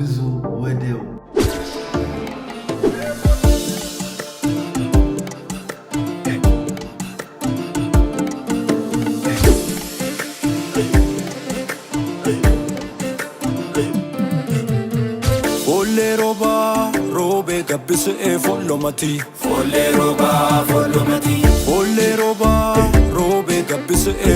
ጉዞ ወደው roba, robe follow me, follow me, follow me, Folle roba, robe gabbise e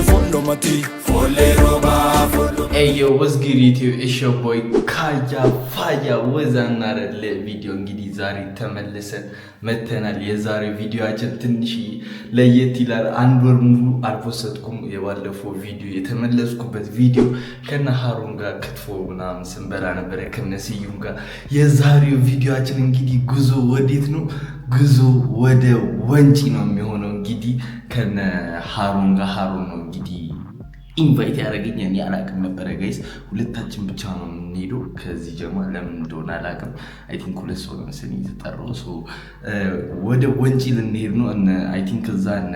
Hey yo what's good YouTube it's your boy ካያ ፋያ ወዛናረለ ቪዲዮ እንግዲህ ዛሬ ተመልሰን መተናል። የዛሬ ቪዲዮአችን ትንሽ ለየት ይላል። አንድ ወር ሙሉ አልፖስትኩም። የባለፈው ቪዲዮ የተመለስኩበት ቪዲዮ ከነ ሀሩን ጋር ክትፎ ምናምን ስንበላ ነበረ ከነ ስዩም ጋር። የዛሬው ቪዲዮአችን እንግዲህ ጉዞ ወዴት ነው? ጉዞ ወደ ወንጪ ነው የሚሆነው እንግዲህ ከነ ሀሩን ጋር ሀሩን ነው እንግዲህ ኢንቫይት ያደረግኝ እኔ አላቅም ነበረ ጋይስ። ሁለታችን ብቻ ነው የምንሄደው ከዚህ ጀማ። ለምን እንደሆነ አላቅም አይ ቲንክ ሁለት ሰው መሰለኝ የተጠራው። uh, ወደ ወንጪ ልንሄድ ነው። አይ ቲንክ እዛ እነ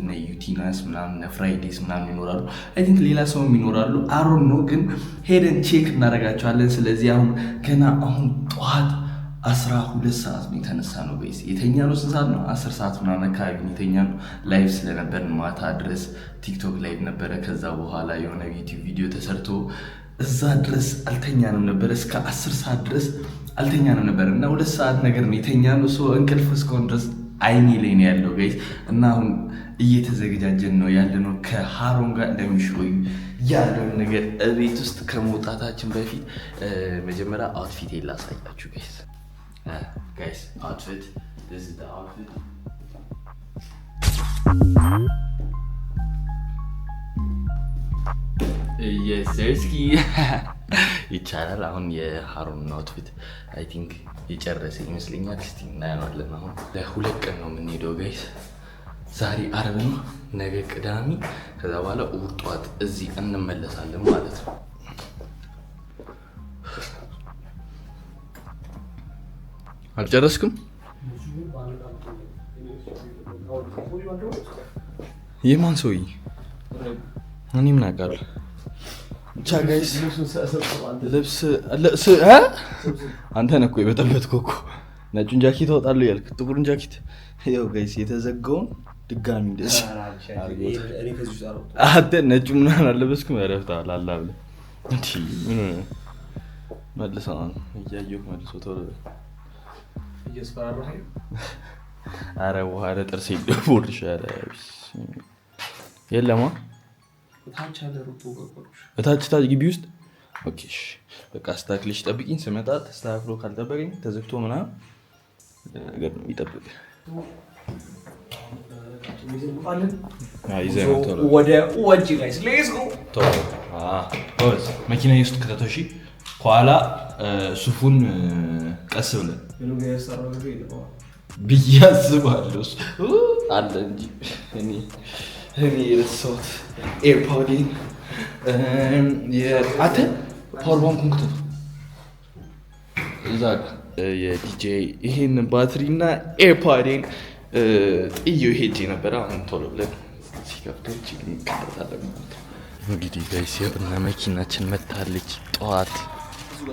እነ ዩቲናስ ምናምን እነ ፍራይዴስ ምናምን ይኖራሉ። አይ ቲንክ ሌላ ሰውም ይኖራሉ። አሮን ነው ግን ሄደን ቼክ እናደርጋቸዋለን። ስለዚህ አሁን ገና አሁን ጠዋት አስራ ሁለት ሰዓት ነው የተነሳ ነው ወይስ የተኛ ነው? ስንት ሰዓት ነው? አስር ሰዓት ምናምን አካባቢ የተኛ ነው። ላይቭ ስለነበር ማታ ድረስ ቲክቶክ ላይቭ ነበረ። ከዛ በኋላ የሆነ ዩቲዩብ ቪዲዮ ተሰርቶ እዛ ድረስ አልተኛንም ነበረ። እስከ አስር ሰዓት ድረስ አልተኛንም ነበር እና ሁለት ሰዓት ነገር ነው የተኛ ነው። ሰው እንቅልፍ እስከሆን ድረስ አይኔ ላይ ነው ያለው ጋይስ። እና አሁን እየተዘገጃጀን ነው ያለ ነው ከሃሮን ጋር እንደሚሾዩ ያለውን ነገር እቤት ውስጥ ከመውጣታችን በፊት መጀመሪያ አውትፊት ላሳያችሁ ጋይስ Uh, guys, outfit. This is the outfit. የሰርስኪ ይቻላል። አሁን የሀሩን አውትፊት አይ ቲንክ የጨረሰ ይመስለኛል። እስቲ እናየዋለን። አሁን ለሁለት ቀን ነው የምንሄደው ጋይስ። ዛሬ አርብ ነው፣ ነገ ቅዳሜ፣ ከዛ በኋላ እሑድ ጠዋት እዚህ እንመለሳለን ማለት ነው። አልጨረስኩም። ይህ ማን ሰውይ? እኔ ምን አውቃለሁ። ብቻ ጋይስ ልብስ አንተ ነህ እኮ የበጠበጥከው እኮ ነጩን ጃኬት አወጣለሁ ያልክ ጥቁሩን ጃኬት ያው ጋይስ የተዘጋውን ድጋሚ እንደዚህ አንተ ነጩ ምናምን አለበስኩም ያረፍታል አላ ብለህ መልሰው እያየሁ መልሶ አረ ውሃ ጥርስ ይደቡር ይሻለ የለማ እታች ታች ግቢ ውስጥ በቃ አስተካክልሽ ጠብቂኝ። ስመጣ ተስተካክሎ ካልጠበቀኝ ተዘግቶ ምና ነገር ነው ይጠብቅ ወደ ወጅ ጋይስ መኪና ውስጥ ከተተሺ ኋላ ሱፉን ቀስ ብለን ብዬ አስባለሁ። አለ እንጂ እኔ የረሳሁት ኤርፓዴን አንተ ፓወር ባንኩን ክተቱ እዛ የዲጄ ይሄን ባትሪ እና ኤርፓዴን ጥዩ ሄጄ ነበረ። አሁን ቶሎ ብለን ሲከፍተው እንቀጥላለን ማለት ነው። እንግዲህ ጋይስ የቡና መኪናችን መታለች ጠዋት ቦስ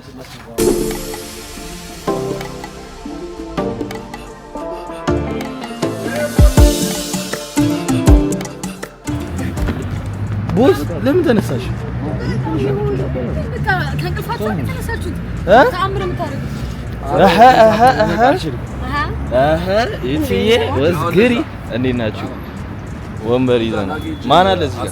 ለምን ተነሳሽ? ይትዬ ወዝግሪ እንዴት ናችሁ? ወንበር ይዘና ማን አለ እዚህ ጋር?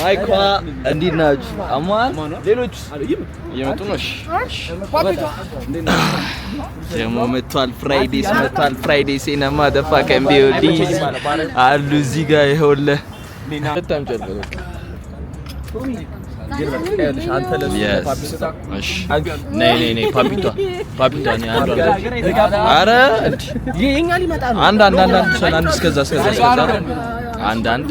ማይኳ እንዴት ናችሁ? አማን ሌሎች እየመጡ ነው። እሺ ደግሞ መቷል። ፍራይዴስ መቷል። ፍራይዴስ ነማ ደፋ ቀን ቢወዲ አሉ እዚህ ጋር ይኸውልህ አንድ አንድ አንድ አንድ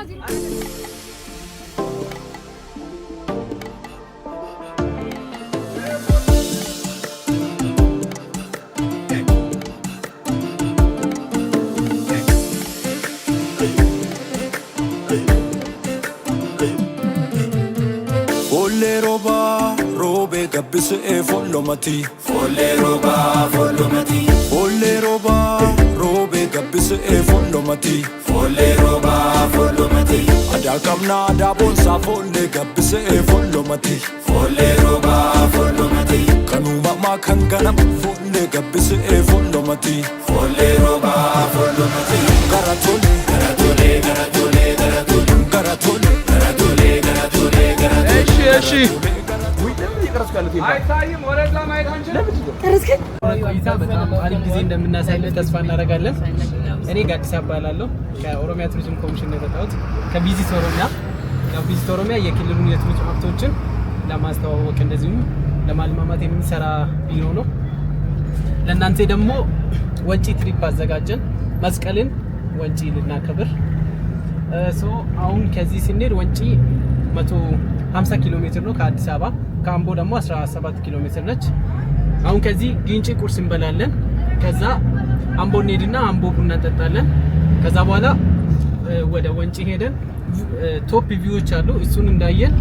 eebbisee follomati. Follee roobaa follomati. Follee roobaa roobee gabbisee follomati. Follee roobaa follomati. Adaa qabnaa daaboonsaa follee gabbisee follomati. Follee roobaa follomati. Kan uumamaa kan ganamu follee gabbisee follomati. Follee roobaa follomati. Gara tole. Gara tole gara tole gara tole. Gara tole. Gara tole gara tole gara tole. Eeshi eeshi. እየቀረስኩ ያሉት አይታይም። ወደዛ ማየት አንችልም። ቆይታ በጣም አሪፍ ጊዜ እንደምናሳልፍ ተስፋ እናደርጋለን። እኔ ጋዲሳ እባላለሁ ከኦሮሚያ ቱሪዝም ኮሚሽን ነው የመጣሁት ከቪዚት ኦሮሚያ። ቪዚት ኦሮሚያ የክልሉን የቱሪዝም ሀብቶችን ለማስተዋወቅ እንደዚሁም ለማልማማት የሚሰራ ቢሮ ነው። ለእናንተ ደግሞ ወንጪ ትሪፕ አዘጋጀን። መስቀልን ወንጪ ልናከብር አሁን ከዚህ ስንሄድ ወንጪ 150 ኪሎ ሜትር ነው ከአዲስ አበባ ከአምቦ ደግሞ 17 ኪሎ ሜትር ነች። አሁን ከዚህ ግንጭ ቁርስ እንበላለን። ከዛ አምቦ እንሄድና አምቦ ቡና እንጠጣለን። ከዛ በኋላ ወደ ወንጪ ሄደን ቶፕ ቪዎች አሉ፣ እሱን እንዳየን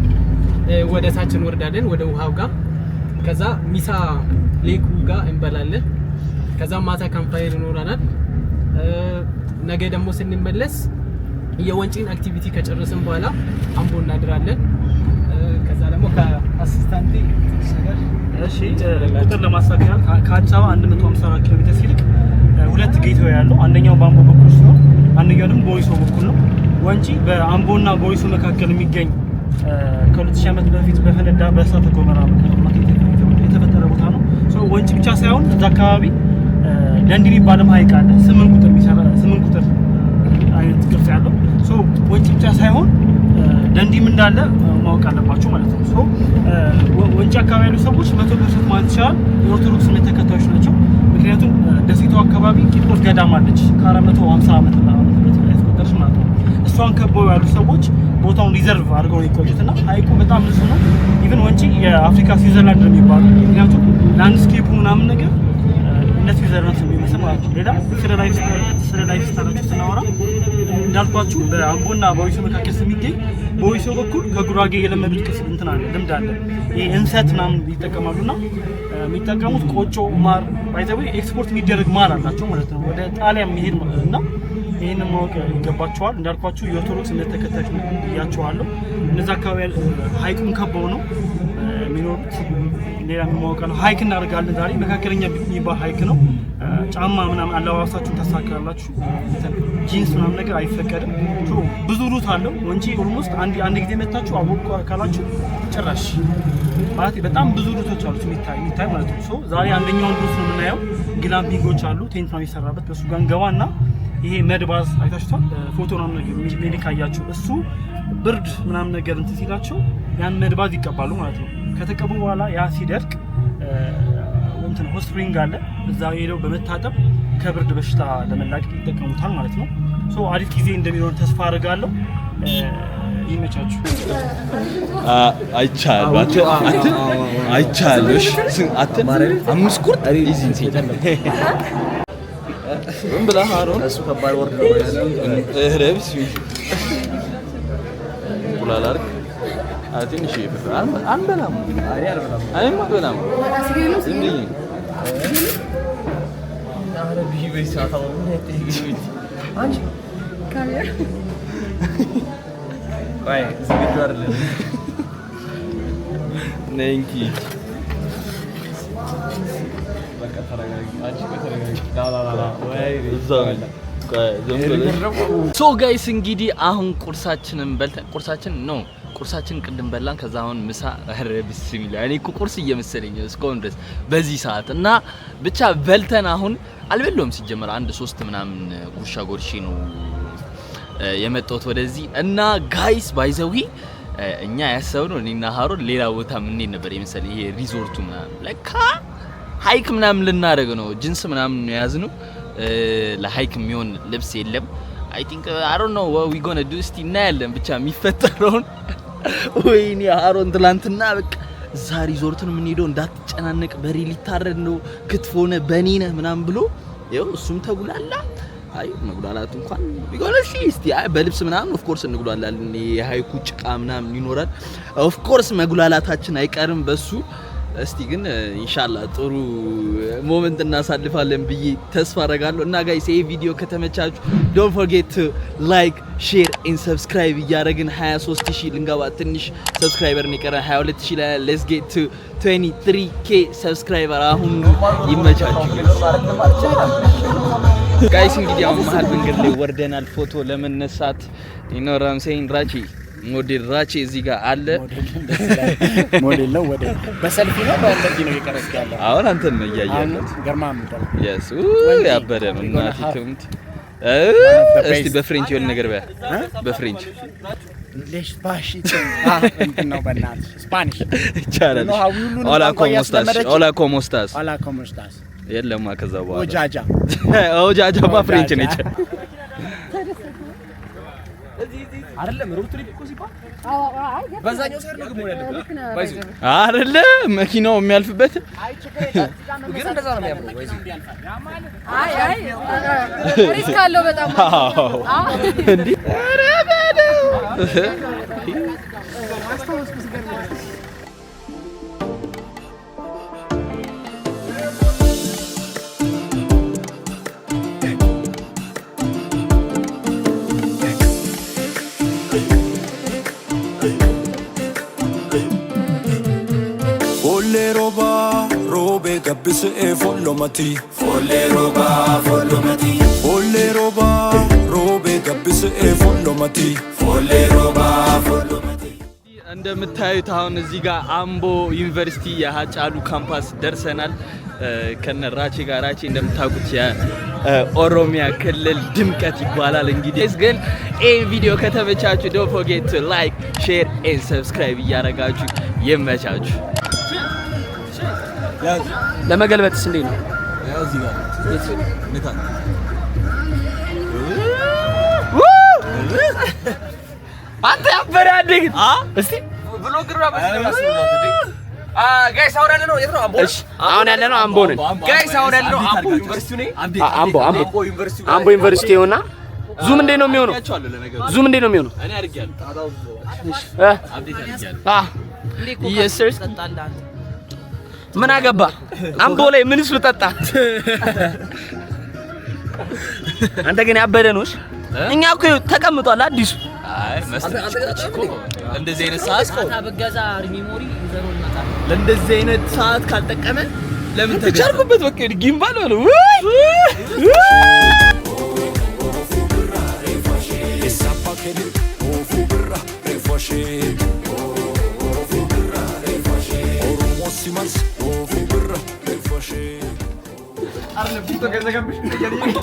ወደ ታች እንወርዳለን ወደ ውሃው ጋር። ከዛ ሚሳ ሌኩ ጋር እንበላለን። ከዛ ማታ ካምፓየር ይኖረናል። ነገ ደግሞ ስንመለስ የወንጪን አክቲቪቲ ከጨረስን በኋላ አምቦ እናድራለን። ከአሲስታንቴ ቁጥር ለማሳት ከአዲስ አበባ 154 ኪሎ ሜትር ሲልቅ ሁለት ጌቶ ያለው አንደኛው በአምቦ በኩል ሲሆን አንደኛው ደግሞ በወይሶ በኩል ነው። ወንጪ በአምቦና በወይሶ መካከል የሚገኝ ከሁለት ሺህ ዓመት በፊት በፈነዳ በእሳተ ገሞራ የተፈጠረ ቦታ ነው። ወንጪ ብቻ ሳይሆን እዛ አካባቢ ለንድ የሚባልም ሀይቅ አለ። ስምንት ቁጥር የሚሰራ ስምንት ቁጥር አይነት ቅርጽ ያለው ወንጪ ብቻ ሳይሆን ደንዲም እንዳለ ማወቅ አለባችሁ ማለት ነው። ሶ ወንጪ አካባቢ ያሉ ሰዎች መቶ ፐርሰንት ማለት ይቻላል የኦርቶዶክስ እምነት ተከታዮች ናቸው። ምክንያቱም ደሴቱ አካባቢ ቂርቆስ ገዳም አለች ከአራት መቶ ሀምሳ ዓመት ያስቆጠረች ማለት ነው። እሷን ከበው ያሉ ሰዎች ቦታውን ሪዘርቭ አድርገው የቆዩት እና ሀይቁ በጣም ብዙ ነው። ኢቨን ወንጪ የአፍሪካ ስዊዘርላንድ ነው የሚባለው ምክንያቱም ላንድስኬፑ ምናምን ነገር እነዚህ ዘርበት የሚመስል ማለት ነው። ሌላ ስለ ላይፍ ስታይላችሁ ስናወራ እንዳልኳችሁ በአምቦና በወይሶ መካከል የሚገኝ በወይሶ በኩል ከጉራጌ የለመዱት ቅስ እንትን አለ ልምድ አለ። ይሄ እንሰት ምናምን ይጠቀማሉ እና የሚጠቀሙት ቆጮ ማር ባይተዊ ኤክስፖርት የሚደረግ ማር አላቸው ማለት ነው ወደ ጣሊያን የሚሄድ ማለት እና ይህንን ማወቅ ይገባቸዋል። እንዳልኳችሁ የኦርቶዶክስ እምነት ተከታዮች ብያቸዋለሁ። እነዚ አካባቢ ሀይቁን ከበው ነው የሚኖሩት ሌላ ነው። ሀይክ እናደርጋለን ዛሬ መካከለኛ የሚባል ሀይክ ነው። ጫማ ምናምን አለባበሳችሁን ታስተካክላላችሁ። ጂንስ ምናምን ነገር አይፈቀድም። ብዙ ሩት አለው። ወንጂ ኦልሞስት አንድ ጊዜ መታችሁ አወቁ ጭራሽ ማለት በጣም ብዙ ሩቶች አሉት የሚታይ የሚታይ ማለት ነው። ዛሬ አንደኛውን ሩት ነው የምናየው። ግላምፒንጎች አሉ። ቴንት ነው የሚሰራበት። በሱ ጋር እንገባና ይሄ መድባዝ አይታችሁታል። ፎቶ ነው ሜዲካ እሱ ብርድ ምናምን ነገር እንትን ሲላቸው ያን መድባዝ ይቀባሉ ማለት ነው። ከተቀቡ በኋላ ያ ሲደርቅ እንትን ሆስት ሪንግ አለ እዛ ሄደው በመታጠብ ከብርድ በሽታ ለመላቀቅ ይጠቀሙታል ማለት ነው። አሪፍ ጊዜ እንደሚሆን ተስፋ አድርጋለሁ። ይመቻችሁ። አይቻለሽ أعطيني شيء أنا أنا بنام أنا ما بنام زمليين عربي بس Ancak kariyer. Vay, zıbıklarla. Nenki. Bak atara gerek. Ancak atara gerek. La la la la. Vay. güzel. ሶ ጋይስ እንግዲህ አሁን ቁርሳችንን በልተን ቁርሳችን ነው ቁርሳችን ቅድም በላን። ከዛ አሁን ምሳ ኧረ ቢስሚላ እኔ እኮ ቁርስ እየመሰለኝ እስካሁን ድረስ በዚህ ሰዓት እና ብቻ በልተን አሁን አልበለውም ሲጀመር አንድ ሶስት ምናምን ጉርሻ ጎርሺ ነው የመጣሁት ወደዚህ እና ጋይስ ባይዘዊ እኛ ያሰብነው እኔና ሀሮን ሌላ ቦታ የምንሄድ ነበር የመሰለኝ ይሄ ሪዞርቱ ምናምን ለካ ሀይክ ምናምን ልናደርግ ነው ጅንስ ምናምን ነው የያዝነው ለሀይክ የሚሆን ልብስ የለም። አይ ቲንክ አሮ ነው ዊ ጎነ ዱ እስቲ እናያለን ብቻ የሚፈጠረውን። ወይኔ አሮን ትላንትና በቃ እዛ ሪዞርትን የምንሄደው እንዳትጨናነቅ በሬ ሊታረድ ነው ክትፎ ሆነ በኔ ነህ ምናምን ብሎ ይኸው እሱም ተጉላላ። አይ መጉላላት እንኳን ቢሆን እሺ፣ እስቲ አይ በልብስ ምናምን ኦፍኮርስ እንጉላላለን። የሀይኩ ጭቃ ምናምን ይኖራል። ኦፍኮርስ መጉላላታችን አይቀርም በሱ እስቲ ግን ኢንሻላ ጥሩ ሞመንት እናሳልፋለን ብዬ ተስፋ አረጋለሁ። እና ጋይስ ይሄ ቪዲዮ ከተመቻችሁ ዶንት ፎርጌት ላይክ፣ ሼር ኤን ሰብስክራይብ እያደረግን 23000 ልንገባ ትንሽ ሰብስክራይበር ነው የቀረ 22000 ላይ ሌትስ ጌት 23k ሰብስክራይበር አሁን ይመቻችሁ። ጋይስ እንግዲህ አሁን መሀል መንገድ ላይ ወርደናል ፎቶ ለመነሳት ኖራምሴን ራቺ ሞዴል ራቼ እዚህ ጋር አለ። ሞዴል ነው። ወደ በሰልፊ ነው በእንደዚህ ነው የቀረጽ ያለው። አሁን አንተን ነው እያያለሁት። ገርማ ምንድነው? የሱ ያበደ ነው እናቴ ትምት። እስቲ በፍሬንች የሆነ ነገር በያ በፍሬንች ኦላ ኦላኮሞስታስ የለማ ከዛ በኋላ ኦጃጃማ ፍሬንች ነች። አይደለም ሮድ ትሪፕ እኮ ሲባል በዛኛው ሳይድ ነው ግን ያለበት አይደለ? መኪናው የሚያልፍበት ግን እንደዛ ነው የሚያምረው። አይ አይ ሪስክ አለው በጣም እንዴ! ኧረ በለው Follee roobaa roobee gabbisee follomatii. Follee roobaa follomatii. Follee roobaa roobee gabbisee follomatii. Follee roobaa follomatii. እንደምታዩት አሁን እዚህ ጋር አምቦ ዩኒቨርሲቲ የሀጫሉ ካምፓስ ደርሰናል። ከነ ራቼ ጋር ራቼ እንደምታውቁት የኦሮሚያ ክልል ድምቀት ይባላል። እንግዲህ ግን ይህ ቪዲዮ ከተመቻችሁ ዶንት ፎርጌት ቱ ላይክ ሼር ኤንድ ሰብስክራይብ እያደረጋችሁ ይመቻችሁ። ለመገልበጥስ እንዴት ነው? አንተ ያበረ አደግ እስቲ ብሎ ግራ አሁን ያለ ነው? አምቦ ነን አምቦ አምቦ አምቦ ዩኒቨርሲቲ ይኸውና። ዙም እንዴት ነው የሚሆነው? ዙም እንዴት ነው የሚሆነው? እኔ ምን አገባ አምቦ ላይ ምንስ ልጠጣ? አንተ ግን ያበደ ነውሽ። እኛ እኮ ተቀምጧል አዲሱ እንደዚህ አይነት ሰዓት ለእንደዚህ አይነት ሰዓት ካልጠቀመ ለምን ተቻልኩበት በቃ ጊምባል ነው ወይ Arne, puto que se cambie de cariño.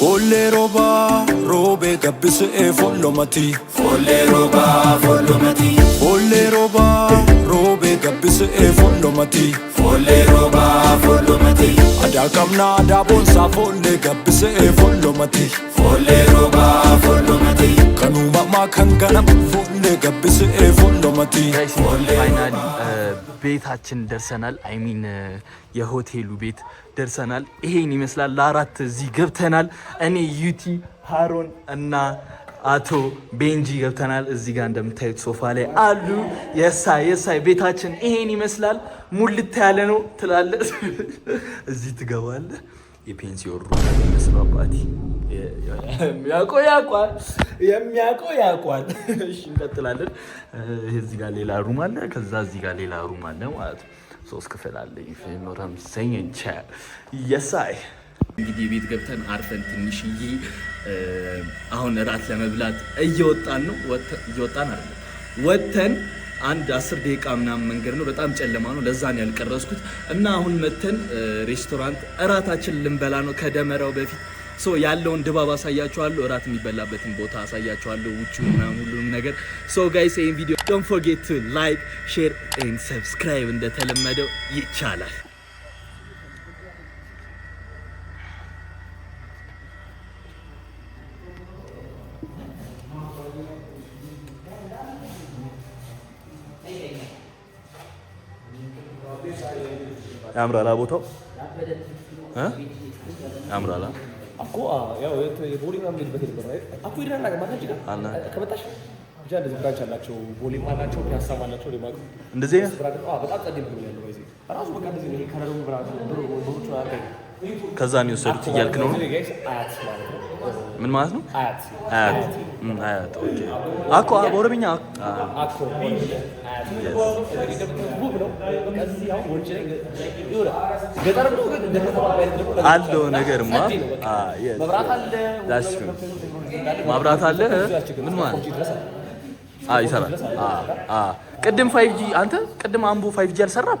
Folle roba, robe gabbis e follomati. Folle roba, follomati. Folle roba. e roba eebbisee follomati Follee roobaa follomati Adaa qabnaa daaboonsaa follee gabbisee follomati Follee roobaa follomati Kan uumamaa kan ganamu follee gabbisee follomati ፋይናል ቤታችን ደርሰናል። አይሚን የሆቴሉ ቤት ደርሰናል። ይሄን ይመስላል። ለአራት እዚህ ገብተናል። እኔ ዩቲ ሃሮን እና አቶ ቤንጂ ገብተናል። እዚህ ጋር እንደምታዩት ሶፋ ላይ አሉ። የሳይ የሳይ ቤታችን ይሄን ይመስላል። ሙልት ያለ ነው ትላለ። እዚህ ትገባለ። የፔንሲዮን ሩ ይመስሉ አባቴ የሚያውቀው ያውቋል፣ የሚያውቀው ያውቋል። እሺ እንቀጥላለን። እዚህ ጋር ሌላ ሩም አለ። ከዛ እዚህ ጋር ሌላ ሩም አለ ማለት ነው። ሶስት ክፍል አለ። ይኖረም ሰኝ የሳይ እንግዲህ ቤት ገብተን አርፈን ትንሽዬ አሁን እራት ለመብላት እየወጣን ነው። እየወጣን አለ ወጥተን አንድ አስር ደቂቃ ምናምን መንገድ ነው። በጣም ጨለማ ነው። ለዛ ያልቀረስኩት እና አሁን መተን ሬስቶራንት እራታችን ልንበላ ነው ከደመራው በፊት ሶ ያለውን ድባብ አሳያችኋለሁ። እራት የሚበላበትን ቦታ አሳያችኋለሁ። ውጭ ምናምን ሁሉንም ነገር ሶ ጋይስ ይህን ቪዲዮ ዶንት ፎርጌት ቱ ላይክ ሼር ኤንድ ሰብስክራይብ እንደተለመደው ይቻላል። ያምራላ ቦታው ያምራላ እኮ ያው ቦሌ ምናምን ሄድበት ሄድበት ብቻ እንደዚህ ብራንች እንደዚህ በጣም ያለው ራሱ በቃ እንደዚህ ከዛ ነው የወሰዱት እያልክ ነው? ምን ማለት ነው? አያት አያት። ኦኬ አኮ ኦሮምኛ አኮ አለው ነገርማ ማብራት አለ። ምን ማለት ይሰራል? ቅድም ፋይቭ ጂ አንተ ቅድም አምቦ ፋይቭ ጂ አልሰራም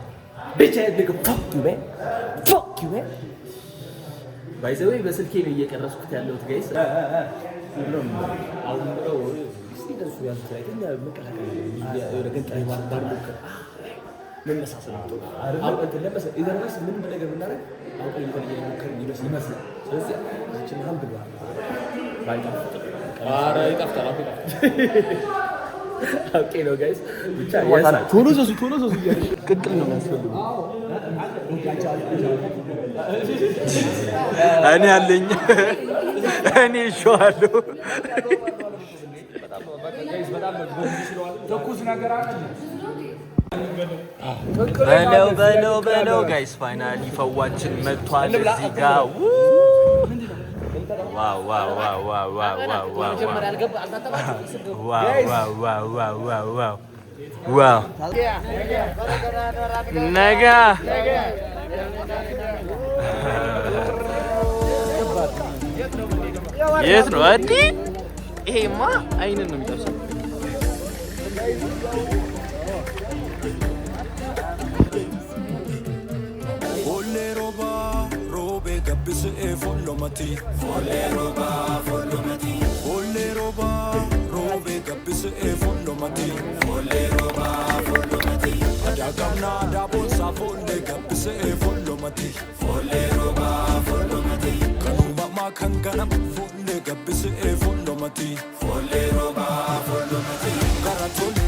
ብቻ ያደገ ፎክ ዩ ማን ፎክ ዩ ማን ባይ ዘ ወይ በስልኬ ነው እየቀረስኩት ያለሁት ጋይስ። አሁን እኔ አለኝ እኔ እሸዋለሁ። በለው በለው በለው ጋይስ ፋይናሊ ፈዋችን መጥቷል እዚህ ነጋ የት ነው? እዲህ ይሄማ አይንን ነው የሚጠብሰው። e follomati folle roba follomati folle roba robe gabbis e follomati folle roba follomati adagamna adabon sa folle gabbis e follomati folle roba follomati kanuma ma kangana folle gabbis e follomati folle roba follomati garatol